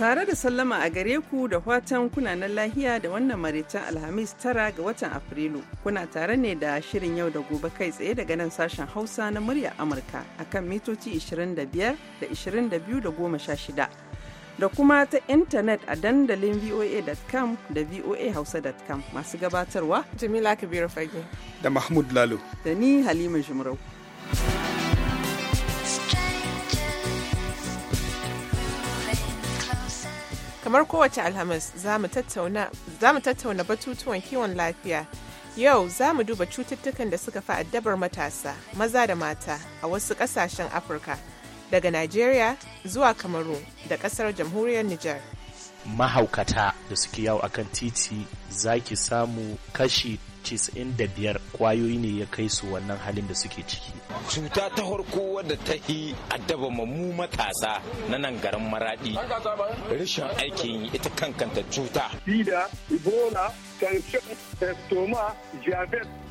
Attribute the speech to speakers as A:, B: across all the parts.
A: Tare da sallama a gare ku da watan kunanan lahiya da wannan maritan Alhamis tara ga watan Afrilu. Kuna tare ne da shirin yau da gobe kai tsaye daga nan sashen Hausa na murya Amurka akan mitoci 25 da 22 da Da kuma ta intanet a dandalin voa.com da voahausa.com masu gabatarwa. Jamila Kabiru Fage.
B: Da Mahmud Lalo.
A: Da ni Halima Jumrau.
C: kamar kowace alhamis za mu tattauna batutuwan kiwon lafiya yau za mu duba cututtukan da suka fi addabar matasa maza da mata a wasu kasashen afirka daga nigeria zuwa Kamaru da kasar jamhuriyar Nijar.
D: Mahaukata da suke yau akan titi za ki samu kashi 95 kwayoyi ne ya kai su wannan halin da suke ciki cuta ta
E: farko wadda ta yi addaba mu matasa na nan garin maradi rashin aikin ita kankanta cuta sida ebola estoma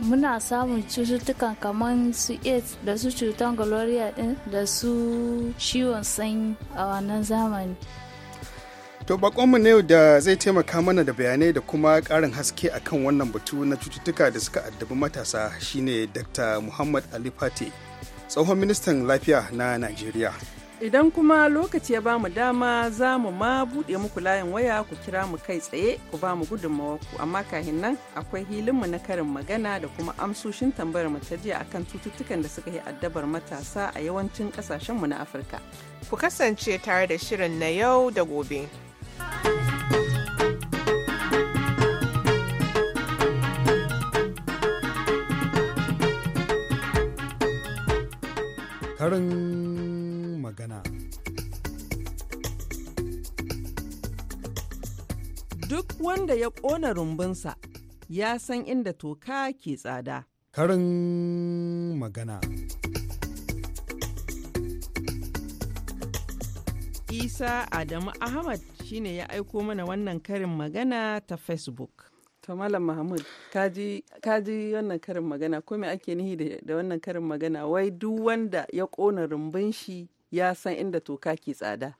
A: muna samun cututtukan kamar su aids da su cutan gloria din da su ciwon sanyi a wannan zamani
B: To bakonmu ne da zai taimaka mana da bayanai da kuma karin haske akan wannan batu na cututtuka da suka addabi matasa shine Dr. Muhammad Ali Fati, tsohon ministan lafiya na Najeriya.
A: Idan kuma lokaci ya bamu dama za mu ma buɗe muku layin waya ku kira mu kai tsaye ku ba mu ku amma kahin nan akwai hilinmu na karin magana da kuma amsoshin tambayar mu ta jiya akan cututtukan da suka yi addabar matasa
C: a yawancin ƙasashenmu na Afirka. Ku kasance tare da shirin na yau da gobe.
B: karin magana.
A: Duk wanda ya ƙona rumbunsa ya san inda toka ke tsada.
B: Karin magana.
A: Isa Adamu Ahmad shine ya aiko mana wannan karin magana ta Facebook. To Malam Mahmud, ji wannan karin magana, ko me ake nihi da wannan karin magana wai duk wanda ya kona rumbun shi ya san inda toka ke tsada.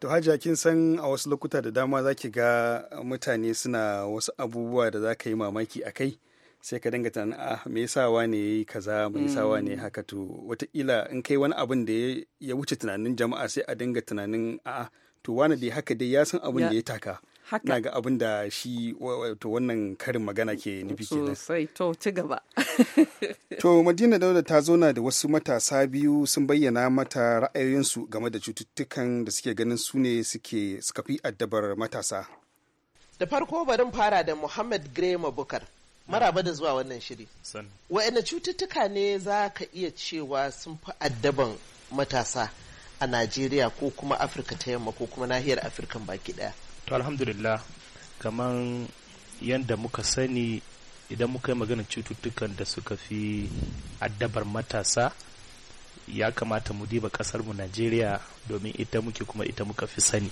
B: To hajiya kin san a wasu lokuta da dama za ki ga mutane suna wasu abubuwa da za ka yi mamaki a kai. sai ka dinga tunanin ah me yasa wane yayi kaza me yasa mm. wane haka to wataƙila in kai wani abin da ya wuce tunanin jama'a sai a dinga tunanin a'a to wane dai haka dai ya san abin da ya taka haka na ga abin da shi wato wannan karin magana ke nufi kenan sosai to ci gaba to madina dauda ta zauna da wasu matasa biyu sun bayyana mata ra'ayoyinsu game da cututtukan da suke ganin su ne suke suka fi addabar matasa da farko barin fara da muhammad grema bukar maraba da zuwa wannan shiri wa'ina cututtuka ne za ka iya cewa sun fi
D: addaban matasa a najeriya ko kuma afirka ta yamma ko kuma nahiyar afirka baki ɗaya. to alhamdulillah kamar yadda muka sani idan muka yi maganar cututtukan da suka fi addabar matasa ya kamata mu diba mu najeriya domin ita muke kuma ita muka fi sani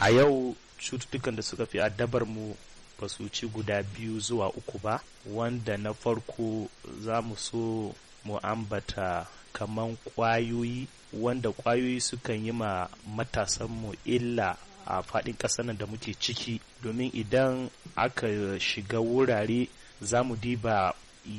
D: a yau cututtukan da suka fi addabar mu ba su ci guda biyu zuwa uku ba wanda na farko za mu so mu ambata kaman kwayoyi wanda kwayoyi sukan yi ma matasanmu illa a faɗin ƙasar nan da muke ciki domin idan aka shiga wurare za mu diba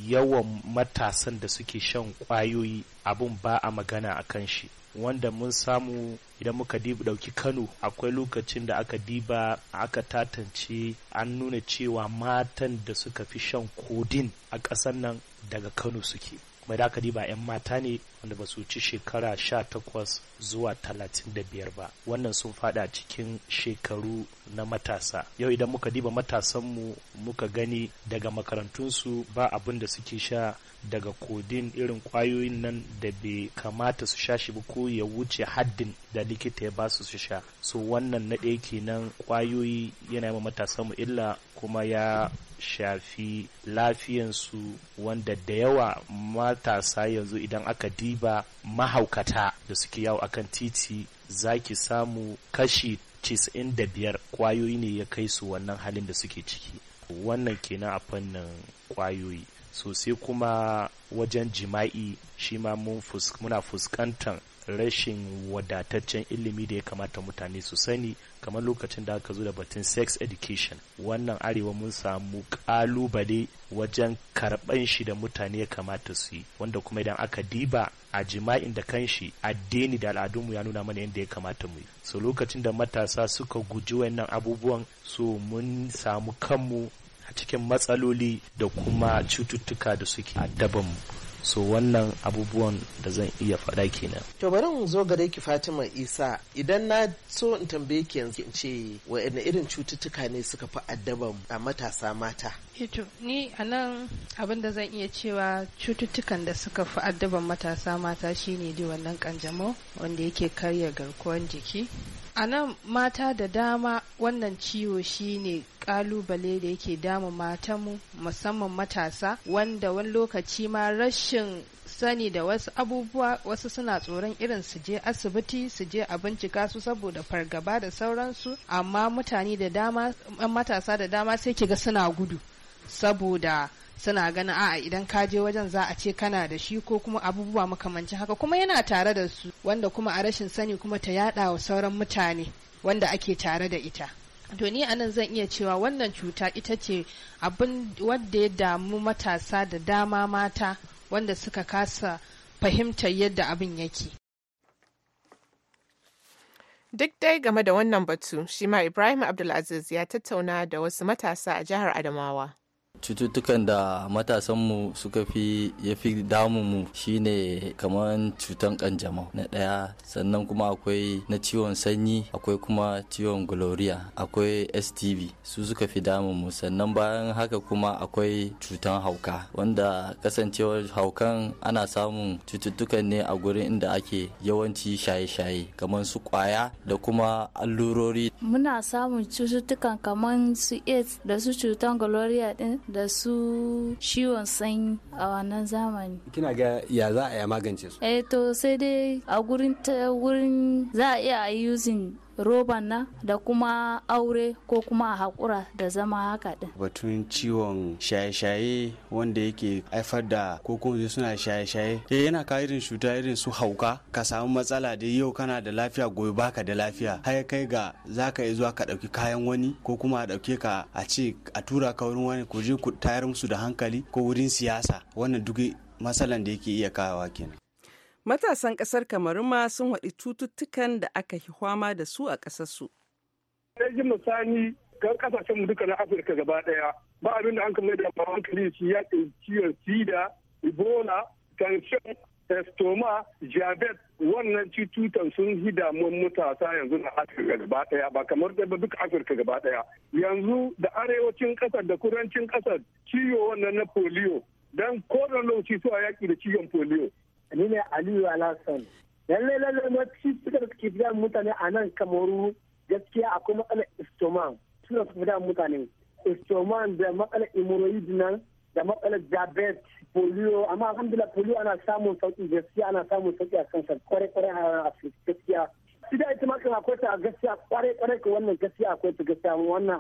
D: yawan matasan da suke shan ƙwayoyi abun ba a magana a kan shi wanda mun samu idan muka ɗauki kano akwai lokacin da aka diba aka tatance an nuna cewa matan da suka fi shan kodin a ƙasar nan daga kano suke mai da ba 'yan mata ne wanda ba su ci shekara sha takwas zuwa talatin da biyar ba wannan sun fada cikin shekaru na matasa yau idan muka diba matasanmu muka gani daga makarantunsu ba abin da suke sha daga kodin irin kwayoyin nan da bai kamata su sha shi ba ko ya wuce haddin da likita ya ba su su sha so wannan na ɗaya kenan kwayoyi yana yi matasanmu illa kuma ya shafi lafiyansu wanda da yawa matasa yanzu idan aka diba mahaukata da suke yawo kan titi za ki samu kashi 95 kwayoyi ne ya kai su wannan halin da suke ciki wannan kenan a fannin kwayoyi sosai kuma wajen jima'i shi ma muna fuskantar rashin wadataccen ilimi da ya kamata mutane su sani kamar lokacin da aka zo da batun sex education wannan arewa mun samu kalubale wajen karɓan shi da mutane ya kamata su yi wanda kuma idan aka diba a jima'in da kanshi addini da al'adunmu ya nuna mana yadda ya kamata mu yi so lokacin da matasa suka guji wannan abubuwan so mun samu kanmu a cikin matsaloli da kuma cututtuka da suke A dabanmu. so wannan abubuwan da zan iya faɗa kenan.
A: to bari in zo gare ki fatima isa idan na so in tambaye ki yanzu in ce wa'anne irin cututtuka ne suka fi addaban a matasa mata
D: eh to
C: ni
A: a nan abin da zan iya cewa cututtukan da suka fi addaban matasa mata shine ne wannan kanjamau wanda yake karya garkuwan jiki a nan mata da dama wannan ciwo shine kalubale da yake damu matanmu musamman matasa wanda wani lokaci ma rashin sani da wasu abubuwa wasu suna tsoron irin su je asibiti su je a bincika su saboda fargaba da sauransu amma mutane da dama matasa da dama sai kiga suna gudu saboda suna ganin a'a idan ka je wajen za a ce kana da shi ko kuma abubuwa makamancin haka kuma yana tare da su wanda kuma a rashin sani kuma ta yada wa sauran mutane wanda ake tare da ita to ni anan zan iya cewa wannan cuta ita ce abin wadda ya damu matasa da dama mata wanda suka kasa fahimtar yadda
C: abin yake Duk dai game da wannan batu, shi ma Ibrahim Abdulaziz ya tattauna da wasu matasa a jihar Adamawa.
D: cututtukan da matasanmu suka fi ya fi damun mu shine kamar cutan kanjamau na ɗaya sannan kuma akwai na ciwon sanyi akwai kuma ciwon gloria akwai stv su suka fi damunmu mu sannan bayan haka kuma akwai cutan hauka wanda kasancewar haukan ana samun cututtukan ne a gurin inda ake yawanci shaye-shaye kamar su kwaya da kuma allurori
A: muna samun cututtukan kamar su aids da su cutan gloria din da su ciwon sanyi a wannan zamani
E: kina ga ya za a yi magance su
A: eh to sai dai a gurin ta wurin za a iya using roban nan da kuma aure ko kuma a haƙura da zama haka din
B: batun ciwon shaye-shaye wanda yake haifar da ko kuma suna shaye-shaye eh, yana ka irin cuta irin su hauka ka samu matsala da yau kana da lafiya gobe baka da lafiya har kai ga za ka iya zuwa ka ɗauki kayan wani ko kuma a ɗauke ka a ce a tura ka wurin wani ku je ku tayar musu da hankali ko wurin siyasa wannan duk matsalan da yake iya kawo kenan
A: Matasan kasar Kamaru ma sun haɗi cututtukan da aka yi fama da su a ƙasarsu.
F: Rajin misali ga ƙasashen mu duka na Afirka gaba ɗaya ba abin da an kama da ba hankali shi ya ciwon sida, ebola, tension, estoma, jabet wannan cututtukan sun yi damuwar matasa yanzu na Afirka gaba ɗaya ba kamar da duka Afirka gaba ɗaya. Yanzu da arewacin kasar da kudancin ƙasar ciwo wannan na polio dan kowane lokaci suwa yaƙi da ciwon polio ni ne aliyu alhassan lallai lallai mafi suka da suke fiya mutane a nan kamaru gaskiya akwai matsalar istoman suna su fiya mutane istoman da matsalar imoroid nan da matsalar diabetes polio amma alhamdulillah polio ana samun sauki gaskiya ana samun sauki a kansa kwarai kwarai a gaskiya ita ita ma kan akwai ta gaskiya kwarai kwarai ka wannan gaskiya akwai ta gaskiya wannan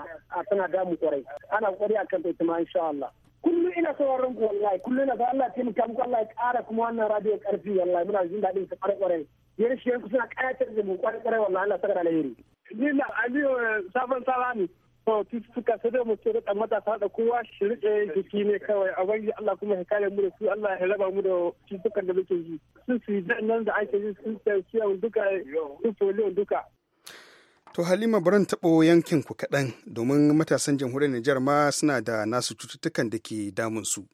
F: tana damu kwarai ana kwarai akan ta ita ma insha Allah kullum ina sauraron ku wallahi kullum na sa Allah ya taimaka muku Allah ya ƙara kuma wannan radio karfi wallahi muna jin daɗin ta kwarai kwarai yar shi yanku suna ƙayatar da mu kwarai kwarai wallahi Allah saka da alheri ni na Aliyu eh, sabon salami cututtuka sai dai da matasa da kowa shi rike jiki ne kawai a bangi Allah kuma ya kare mu da su Allah ya raba mu da cututtukan da muke ji sun su nan da ake yin sun ciwon duka sun polio duka.
B: To Halima baran taɓo yankin ku kaɗan domin matasan jamhuriyar Nijar ma suna da nasu cututtukan da ke damun su.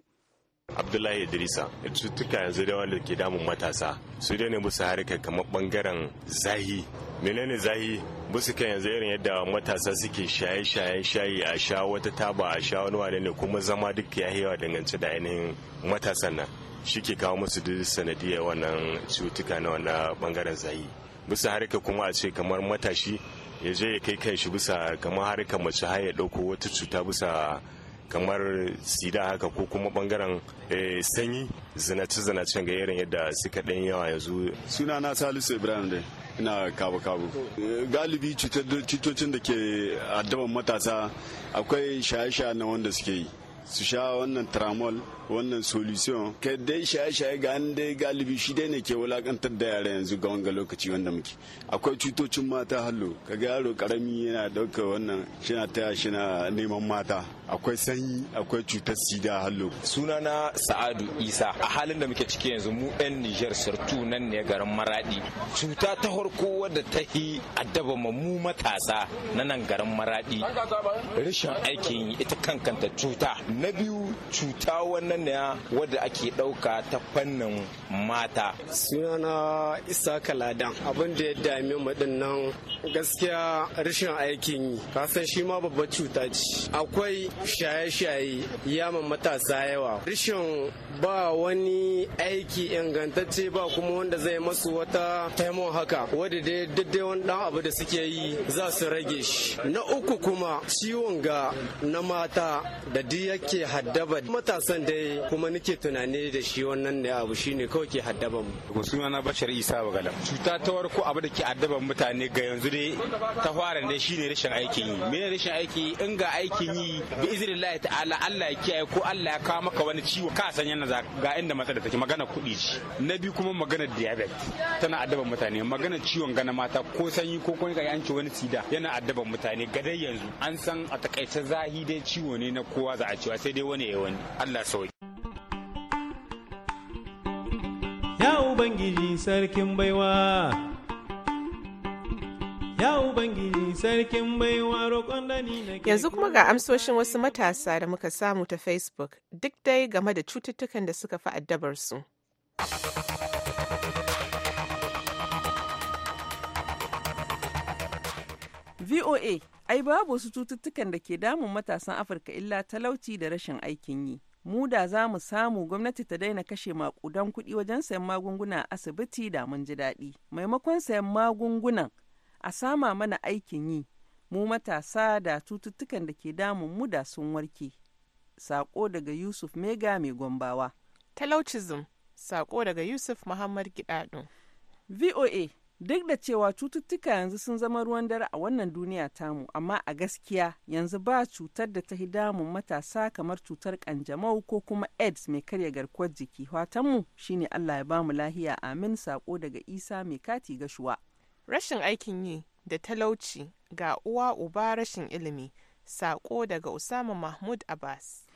E: abdullahi idrisa cututtuka yanzu da wanda ke damun matasa su daina ne musu harkar kamar bangaren zahi menene zahi busu kan yanzu irin yadda matasa suke shaye shaye shayi a sha wata taba a sha wani wane ne kuma zama duk ya yawa dangance da ainihin matasan nan shi ke kawo musu duk sanadiyar wannan cutuka na wannan bangaren zahi bisa harka kuma a ce kamar matashi ya je ya kai kan shi bisa kamar harkar mace har ya ɗauko wata cuta bisa kamar sida haka ko kuma bangaren eh, sanyi zinace-zinacen ga irin yadda suka ɗan yawa yanzu suna na salisu ibrahim dai ina kabu-kabu eh, galibi cutocin da ke addaban matasa akwai shaye-shaye na wanda suke yi su sha wannan tramol wannan solution ka dai shaye-shaye ga an dai galibi shi dai ne ke wulakantar da yara yanzu ga wanga lokaci wanda muke akwai cutocin mata hallo ga yaro karami yana dauka wannan shina taya shina neman mata akwai sanyi akwai cutar sida hallo sunana sa'adu isa a halin da muke ciki yanzu mu yan nijar sartu nan ne garin maradi cuta ta farko wadda ta yi addaba mu matasa na nan garin maradi rashin aikin yi ita kankanta cuta na biyu cuta wannan ne wadda ake ɗauka ta fannin mata. Sunana Isa Kaladan abin da ya dame mu gaskiya rashin aikin yi kasan shi ma babbar cuta ce. Akwai shaye-shaye yaman matasa yawa rashin ba wani aiki ingantacce ba kuma wanda zai masu wata taimon haka wadda dai daidai wani dan abu da suke yi za su rage shi na uku kuma ciwon ga na mata da yake haddaba matasan dai kuma nake tunani da shi wannan ne abu shine kawai ke haddaba mu suna na bashar isa bagalam cuta ta warko abu da ke haddaban mutane ga yanzu dai ta fara ne shine rashin aikin yi me ne rashin aiki in ga aikin yi bi iznillahi ta'ala Allah ya kiyaye ko Allah ya kawo maka wani ciwo ka san yana ga inda matsalar take magana kuɗi ce na biyu kuma magana diabetes tana addaban mutane magana ciwon gana mata ko sanyi ko kuma ya wani sida yana addaban mutane gadai yanzu an san a takaice zahi dai ciwo ne na kowa za a cewa sai dai wani ya wani Allah sauki Ya Ubangiji sarkin baiwa. Ya Ubangiji sarkin baiwa
A: roƙon da ni na
E: Yanzu
C: kuma ga amsoshin wasu matasa da muka samu ta Facebook duk dai game da cututtukan da suka fi addabarsu.
A: VOA ai babu wasu cututtukan da ke damun matasan Afirka illa talauci da rashin aikin yi. mu da za mu samu gwamnati ta daina kashe makudan kuɗi wajen sayan magunguna a asibiti da mun ji daɗi maimakon sayan magungunan a sama mana aikin yi mu matasa da cututtukan da ke damun mu da sun warke sako daga yusuf mega mai gombawa talaucism sako daga yusuf muhammad gidado voa Duk da cewa cututtuka yanzu sun zama ruwan dare a wannan duniya tamu, amma a gaskiya yanzu ba cutar da ta hi damun matasa kamar cutar kanjamau ko kuma AIDS mai karya garkuwar jiki. Fatanmu shine Allah ya ba mu lahiya amin sako
C: daga Isa mai kati gashuwa. Rashin aikin yi da talauci ga uwa uba rashin ilimi. Sako daga Usama Mahmud Abbas.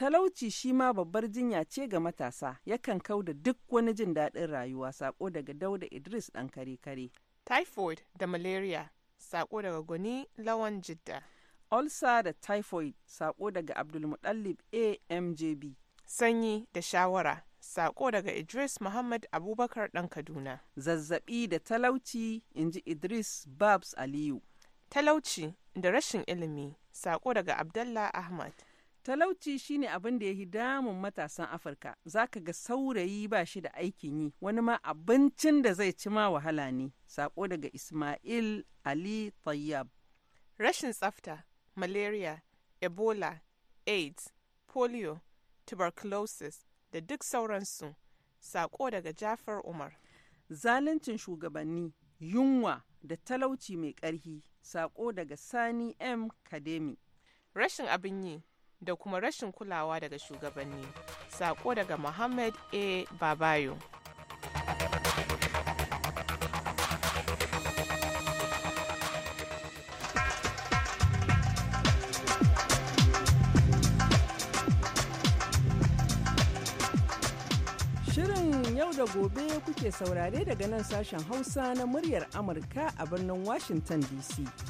C: Talauci
A: shi ma babbar jinya ce ga matasa, yakan kau da duk wani jin daɗin rayuwa sako daga Dauda Idris ɗan kare kare. Typhoid da malaria sako daga gwani
C: lawan jidda. Ulcer da typhoid sako daga Abdulmuɗallib AMJB. Sanyi da shawara sako daga Idris Muhammad Abubakar ɗan Kaduna. Zazzaɓi da talauci in ji Idris Babs Aliyu. Talauci
A: da rashin ilimi sako daga Abdallah Ahmad. Talauci shine abin da ya yi damun matasan Afirka, za ka ga saurayi ba shi da aikin yi, wani ma abincin da zai ci ma wahala ne, sako daga Ismail Ali Tayyab.
C: Rashin tsafta, malaria, Ebola, AIDS, polio, tuberculosis da duk sauransu, sako daga Jafar Umar.
A: Zaluncin shugabanni, yunwa da talauci mai ƙarhi, sako daga
C: Sani M. Kademi. Rashin abin yi, da kuma rashin kulawa daga shugabanni. Sako daga Muhammad A. Babayo.
A: Shirin yau da gobe kuke saurare daga nan sashen Hausa na muryar Amurka a birnin Washington DC.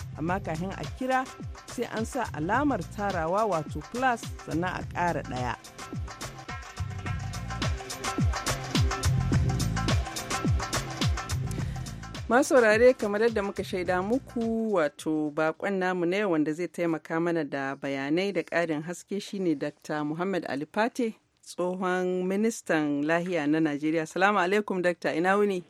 A: amma kafin a kira sai an sa alamar tarawa wato plus sannan a ƙara ɗaya. masaurare kamar yadda muka shaida muku wato bakon namu ne wanda zai taimaka mana da bayanai da ƙarin haske shine dr muhammad ali tsohon ministan lahiya na najeriya salamu alaikum dr ina wuni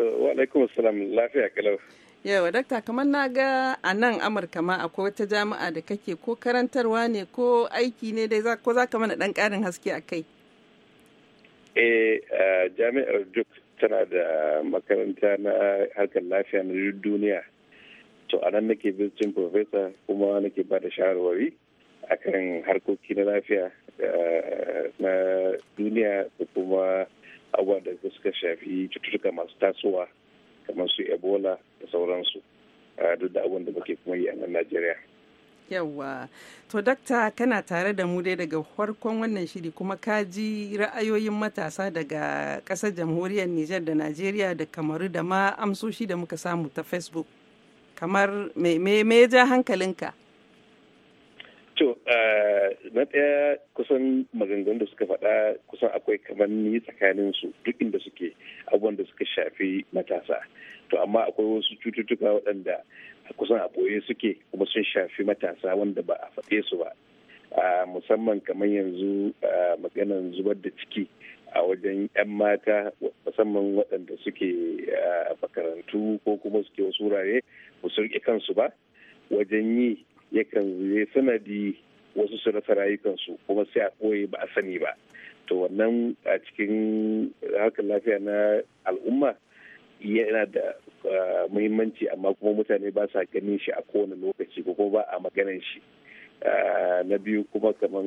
F: wa alaikum salam lafiya kalau
A: Yawa, dakta kamar na ga a nan Amurka ma akwai wata jami'a da kake ko karantarwa ne ko aiki ne dai ko za ka mana ɗan ƙarin haske a kai.
F: Eh, jami'ar Duke tana da makaranta na harkar lafiya na duniya. To, a nan nake visiting professor kuma nake ba da shawarwari akan harkoki na lafiya eh, na duniya da kuma abubuwa da suka shafi cututtuka masu tasowa kamar su ebola da sauransu duk da abin da muke kuma yi a nan najeriya
A: yawa to dakta kana tare da mu dai daga farkon wannan shiri kuma ka ji ra'ayoyin matasa daga ƙasar jamhuriyar nijar da najeriya da kamaru da ma amsoshi da muka samu ta facebook kamar me ya ja hankalinka
F: To, eh, na ɗaya kusan maganganun da suka faɗa kusan akwai kamar ni tsakanin su duk inda suke abubuwan da suka shafi matasa. To, amma akwai wasu cututtuka waɗanda kusan a ɓoye suke kuma sun shafi matasa wanda ba a faɗe su ba. Ah, musamman kamar yanzu ah, maganan zubar da ciki a wajen 'yan mata musamman waɗanda suke ah, makarantu ko kuma suke wasu wurare ba kansu ba wajen yi yakan zuye sanadi wasu su rasa rayukansu kuma sai a ɓoye ba a sani ba to wannan a cikin hakan lafiya na al'umma yana da muhimmanci amma kuma mutane ba sa ganin shi a kowane lokaci ko kuma ba a maganan shi na biyu kuma kamar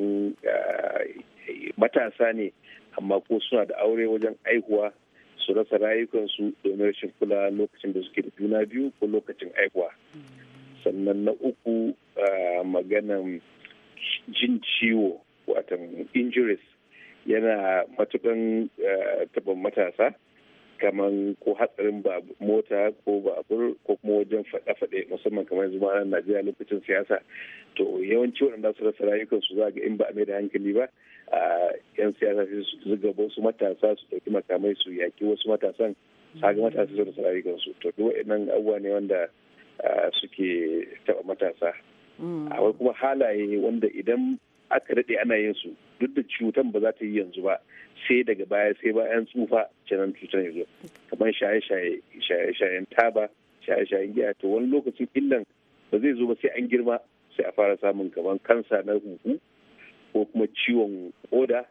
F: matasa ne amma ko suna da aure wajen aihuwa su rasa rayukansu domin rashin kula lokacin da suke da juna biyu ko lokacin aihuwa sannan na uku maganan jin ciwo watan injuries yana matukan taban matasa kamar ko hatsarin mota ko babur ko kuma wajen faɗe-faɗe musamman kamar yanzu na najeriya lokacin siyasa to yawanci waɗanda su rasa rayukansu za ga in ba a mai da hankali ba a yan siyasa su zuga wasu matasa su ɗauki makamai su yaƙi wasu matasan sa ga matasa su rasa rayukansu to duk waɗannan abubuwa ne wanda suke taɓa matasa mm. akwai kuma halaye wanda idan aka daɗe ana yin su duk da cutan ba za ta yi yanzu ba sai daga baya sai bayan tsufa canan cutan yanzu kamar shaye-shaye shaye-shayen taba shaye-shayen giya to wani lokacin illan ba zai zo ba sai an girma sai a fara samun kamar kansa na huhu ko kuma ciwon koda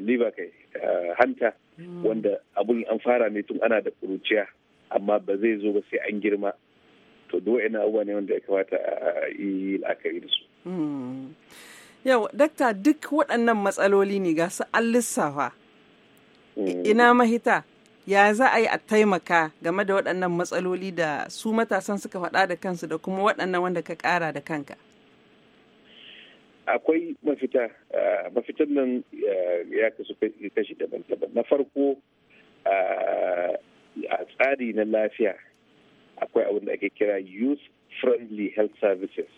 F: liver kai hanta mm. wanda abun an fara ne tun ana da kuruciya amma ba zai zo ba sai an girma to duk wa'annan abubuwa ne wanda ya kamata a yi la'akari da su
A: hmm. yau dakta duk waɗannan matsaloli ne ga su an lissafa hmm. ina mahita ya za a yi a taimaka game da waɗannan matsaloli da su matasan suka faɗa da kansu da kuma waɗannan wanda ka ƙara da kanka
F: akwai mafita mafitan nan ya kasu kashi daban-daban na farko a tsari na lafiya akwai abin da ake kira youth friendly health services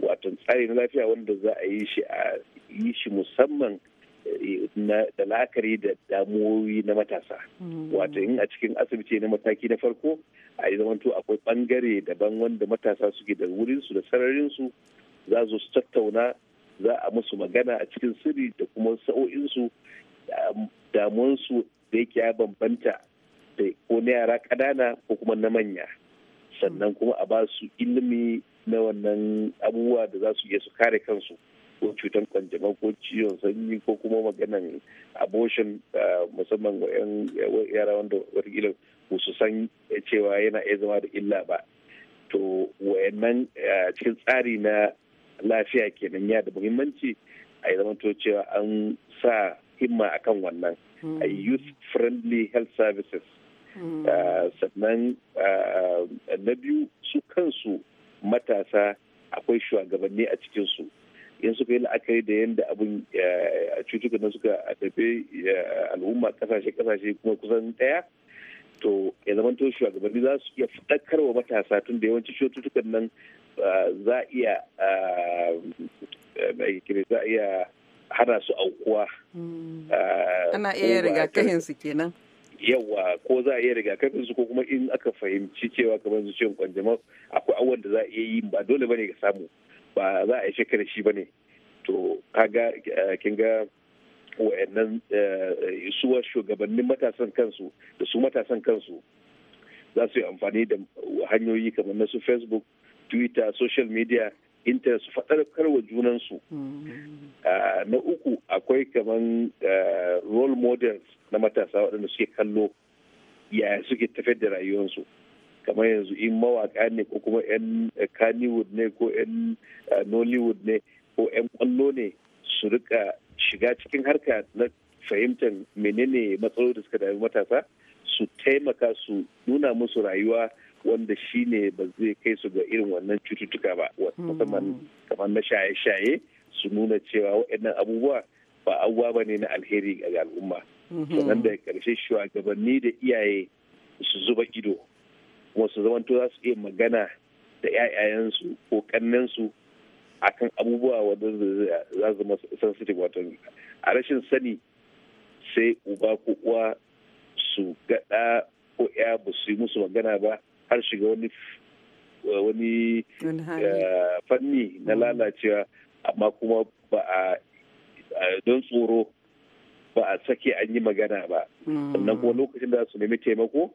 F: wato tsari na lafiya wanda za a yi shi a yi shi musamman eh, da la'akari da damuwoyi na matasa mm. wato in a cikin asibiti na mataki na farko a yi zamanto akwai bangare daban wanda matasa suke da wurinsu da sararinsu za su tattauna za a musu magana a cikin sirri da kuma sa'o'insu damuwansu da yake ya bambanta tafe ko na yara kadana ko kuma na manya sannan kuma a ba su ilimi na wannan abubuwa da za su iya su kare kansu ko cutar kanjamau ko ciwon sanyi ko kuma maganan abortion musamman wa yara wanda watakila ba su san cewa yana iya zama da illa ba to wayannan cikin tsari na lafiya kenan ya da muhimmanci a yi zamanto cewa an sa himma akan wannan a hmm. youth friendly health services Mm. Ah, sannan ah, na biyu su kansu matasa akwai shugabanni a cikinsu in suka yi la'akari da yadda abin ah, cutukan da suka tafi al'umma kasashe-kasashe kuma kusan ɗaya to ya zama to shugabanni za su iya wa matasa tun da yawanci cututtukan nan za a iya eh, za iya hana su aukuwa mm. ana iya rigakahin su kenan yawa ko za a iya rigakafin su ko kuma in aka fahimci cewa kamar su ciwon kwanjama akwai awon da za a iya yi ba dole bane ka samu ba za a yi shekara shi bane to kaga eh, kin ga wa'annan eh, suwa shugabannin matasan kansu da su matasan kansu za su yi amfani da hanyoyi kamar na su facebook twitter social media intanet su faɗarkar wa junansu mm. ah, na uku akwai kaman ah, role models na matasa waɗanda suke kallo yaya suke tafiyar da rayuwarsu kamar yanzu in mawaƙa ne ko kuma 'yan eh, kannywood ne ko 'yan ah, nollywood ne ko 'yan kwallo ne su rika shiga cikin harka na fahimtar menene matsaloli da suka dami matasa su taimaka su nuna musu rayuwa wanda shi ne ba zai kai su ga irin wannan cututtuka ba musamman hmm. kamar na shaye-shaye su nuna cewa waɗannan abubuwa ba abubuwa ba ne na alheri ga al'umma hmm. sannan da ƙarshe shugabanni da iyaye su zuba ido kuma su zamanto za su iya magana da 'ya'yayensu ko kannensu akan abubuwa wanda za su zama sensitive wato a rashin sani sai uba ko uwa su gaɗa ko ya ba su yi musu magana ba har shiga wani wani eh, fanni na mm. lalacewa amma kuma ba a don tsoro ba a sake an yi magana ba
B: mm.
D: sannan kuma
F: lokacin da su nemi taimako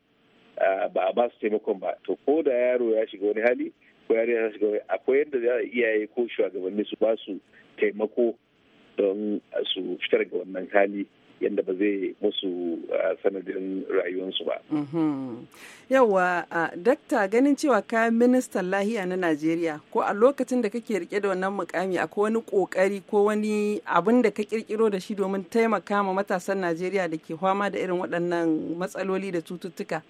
F: ba a ba su taimakon ba to ko da yaro ya shiga wani hali ko yaro ya shiga wani akwai yadda za a iyaye ko shugabanni su ba su taimako don su fitar ga wannan hali yadda ba zai musu uh, sanadin rayuwarsu ba. Mhm.
A: yawwa uh, dakta ganin cewa kayan ministan lahiya na Najeriya ko a lokacin da kake rike da wannan mukami akwai wani kokari ko wani abin da ka kirkiro da shi domin taimaka ma matasan Najeriya da ke fama da irin waɗannan matsaloli da cututtuka.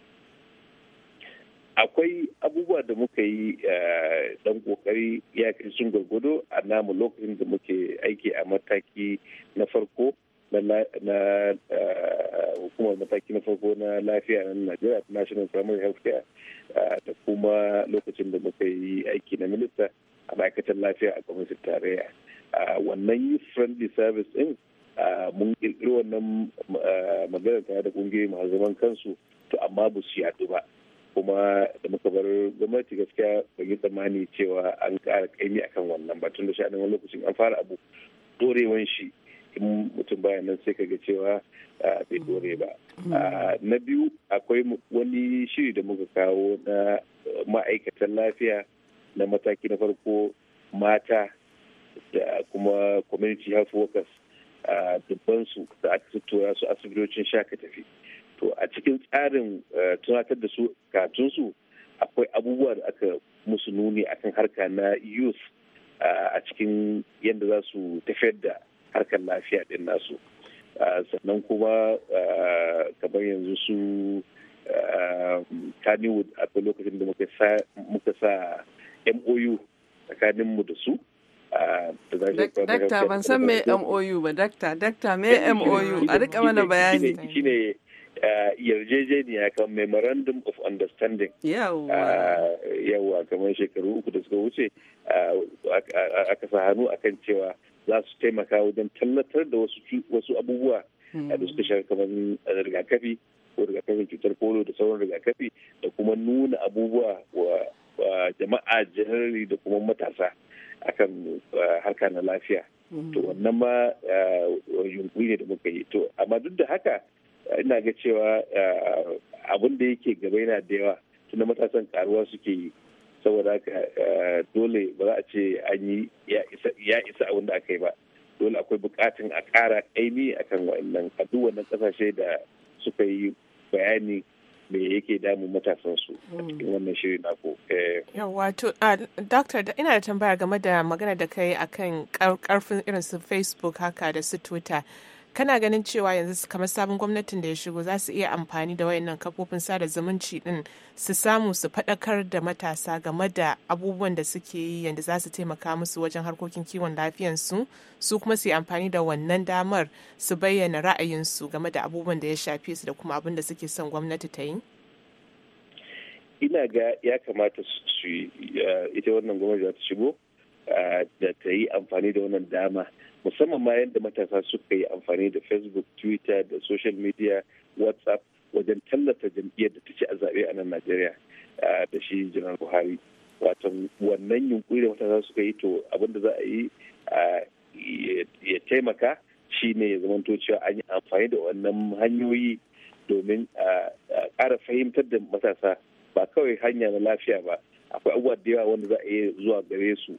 F: akwai abubuwa da muka yi dan uh, kokari ya sun gwargwado a namu lokacin da muke aiki a mataki na farko na eh, hukumar mataki na farko na lafiya na Najeriya National Primary Health Care eh, da kuma lokacin da muka yi aiki na minista a ma'aikatar lafiya a gwamnatin tarayya. Eh, wannan youth friendly service din mun kirkiri wannan magana tare da kungiyoyi masu zaman kansu to amma ba su yadu ba. kuma da muka bar gwamnati gaskiya ban yi tsammani cewa an ƙara ƙaimi akan wannan ba tun da sha'anin wani lokacin an fara abu dorewan shi in mutum baya nan sai ga cewa bai dore ba mm. na biyu akwai wani shiri da muka kawo na uh, ma'aikatan lafiya na mataki na farko mata da kuma community health workers dubbansu da aka tattura su asibitocin shaka tafi to a cikin tsarin uh, tunatar da su katun su. akwai abubuwa da aka musu nuni akan harka na youth a cikin yadda za su tafiyar da harkar lafiya din nasu ah, sannan kuma ah, kamar yanzu su ah, kaniwood a lokacin da muka sa MOU tsakaninmu da su Dakta ban san me MOU
A: ba, dakta, dakta me eh, MOU a rika mana bayani.
F: Shine yarjejeniya kan memorandum of understanding. yawa kamar shekaru uku da suka wuce aka sa hannu akan cewa za su taimaka wajen tallatar da wasu abubuwa hmm. da suka shafi kamar eh, rigakafi ko rigakafin cutar polio da sauran rigakafi da kuma nuna abubuwa wa jama'a jihari da kuma matasa akan eh, harka na lafiya hmm. to wannan ma eh, yunkuri ne da muka yi to amma duk da haka ina ga cewa abin da yake gaba yana da yawa tunda matasan karuwa suke yi saboda haka eh, dole ba za a ce an yi ya isa abin da aka yi ba dole akwai bukatun a kara aini a kan wa'annan a duk wannan ƙasashe da suka yi bayani me yake damun matasansu a hmm. cikin wannan shiri na ko. Eh.
C: to, ina da tambaya game da magana da kai akan karfin irin su Facebook haka da su Twitter. kana ganin cewa yanzu kamar sabon gwamnatin da ya shigo za su iya amfani da wayannan kafofin sada zumunci din su samu su faɗakar da matasa game da abubuwan da suke yi yadda za su taimaka musu wajen harkokin kiwon lafiyansu su kuma su yi amfani da wannan damar su bayyana ra'ayinsu game da abubuwan da ya shafe su da kuma abin da suke son gwamnati ta yi
F: ina ga ya kamata su ita wannan gwamnati za ta shigo da ta yi amfani da wannan dama musamman ma yadda matasa suka yi amfani da facebook twitter da social media whatsapp wajen tallata jam'iyyar da ta ci a zaɓe a nan najeriya da shi janar buhari wato wannan yunkuri da matasa suka yi to abinda za a yi ya taimaka shi ne ya zamanto cewa an yi amfani da wannan hanyoyi domin a ƙara fahimtar da matasa ba kawai hanya na lafiya ba akwai abubuwa da yawa wanda za a yi zuwa gare su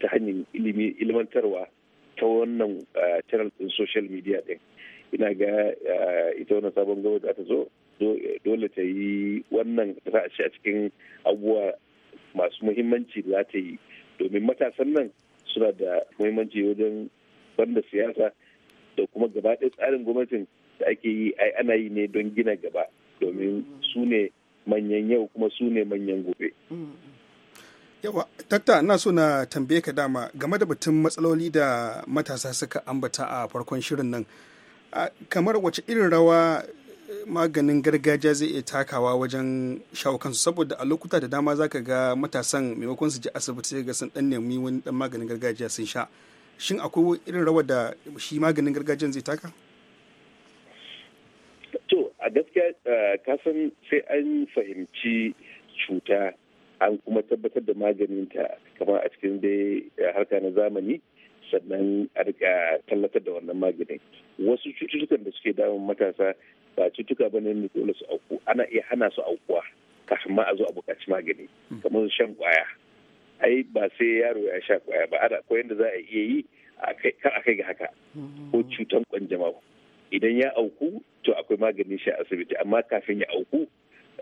F: ta hanyar ilimantarwa ta wannan eh, channel din social media din ina ga eh, ita wannan sabon gwamnati za ta zo eh, dole ta yi wannan za a a cikin abubuwa masu muhimmanci da za ta yi domin matasan nan suna da muhimmanci wajen banda siyasa da kuma gaba ɗaya tsarin gwamnatin da ake yi ai ana yi ne don gina gaba domin su ne manyan yau kuma su ne manyan gobe. Mm, mm.
B: yawa dakta ina so na tambaye ka dama game da batun matsaloli da matasa suka ambata a farkon shirin nan kamar wace irin rawa maganin gargajiya zai iya takawa wajen shawo kansu saboda a lokuta da dama zaka ga matasan maimakon su je asibiti ga sun dan nemi wani dan maganin gargajiya sun sha shin akwai irin rawar da shi maganin gargajiyan zai taka
F: to a gaskiya eh, kasan sai an fahimci cuta an kuma tabbatar da maganinta kamar a cikin dai harka na zamani sannan a rika tallatar da wannan maganin wasu cututtukan da suke damun matasa ba cututtuka ba ne dole su auku ana iya hana su aukuwa kafin ma a zo a buƙaci magani kamar shan kwaya ai ba sai yaro ya sha kwaya ba ana koyan da za a iya yi kar a kai ga haka ko cutan kwanjamau idan ya auku to akwai maganin shi a asibiti amma kafin ya auku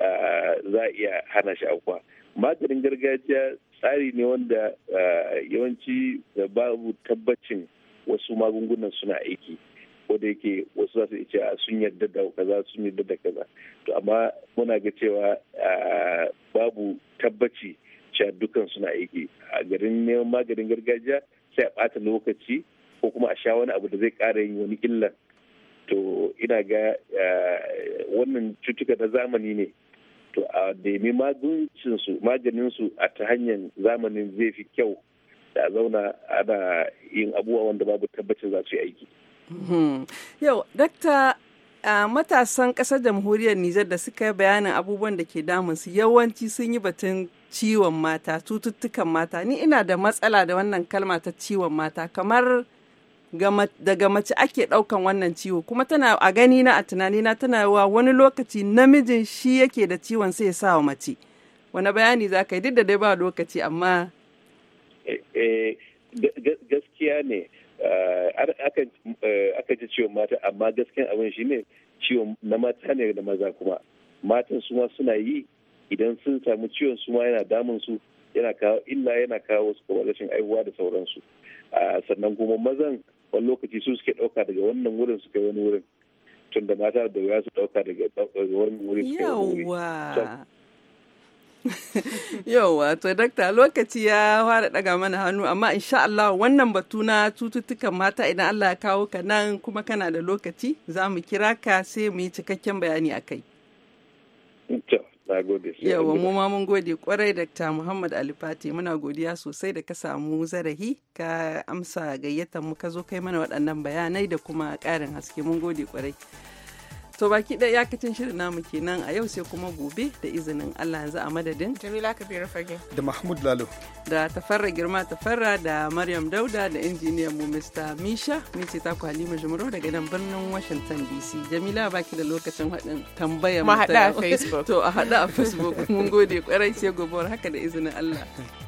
F: ah, za a iya hana shi aukuwa maganin gargajiya tsari ne wanda eh, yawanci da babu tabbacin wasu magungunan suna aiki ko yake wasu za su ce sun yadda da kaza sun yadda da kaza to amma muna ga cewa eh, babu tabbaci cewa dukan suna aiki a garin neman maganin gargajiya sai a ɓata lokaci ko kuma a sha wani abu da zai ƙara yin wani illa to ina ga eh, wannan cutuka na zamani ne to a nemi maganinsu a ta hanyar zamanin zai fi kyau da zauna ana yin abubuwa wanda babu tabbacin za su yi aiki.
A: Hmm. Yau, dakta a matasan ƙasar jamhuriyar Nijar da suka yi bayanin abubuwan da ke damunsu yawanci sun yi batun ciwon mata, cututtukan mata. Ni ina da matsala da wannan kalma ta ciwon mata, kamar daga mace ake ɗaukan wannan ciwo kuma tana a gani na a tunani na tana wa wani lokaci namijin shi yake da ciwon sai sa wa mace wani bayani za ka yi duk da dai ba lokaci amma
F: eh, eh, gaskiya ne eh, aka ji ciwon mata amma gaskiyan abin shi ne ciwon na mata ne da maza kuma matan su ma suna yi idan sun samu ciwon su yana damun su yana kawo illa yana kawo wasu rashin aihuwa da sauransu ah, sannan kuma mazan wani lokaci su suke ɗauka daga wannan wurin su kai wani wurin tun da mata da wuya su ɗauka daga wani wurin su kai wani wurin.
A: Yauwa, to dakta lokaci ya fara daga mana hannu amma insha Allah wannan batu na cututtukan mata idan Allah ya kawo ka nan kuma kana da lokaci za mu kira ka sai mu yi cikakken bayani a kai.
F: To, na gode mu
A: ma mun gode kwarai dakta muhammad ali fati muna godiya sosai da ka samu zarahi ka amsa gayyatar mu ka zo kai mana waɗannan bayanai da kuma ƙarin haske mun gode kwarai to baki ɗaya yakacin shirin namu kenan a yau sai kuma gobe da izinin Allah yanzu a madadin Jamila Kabiru Fage
B: da Mahmud Lalo
A: da Tafarra Girma Tafarra da Maryam Dauda da injiniyan mu Mr. Misha ni ce ta Halima Jumuro daga nan birnin Washington DC Jamila baki da lokacin haɗin tambaya mu ta Facebook to a haɗa a Facebook mun gode kwarai sai gobe haka da izinin Allah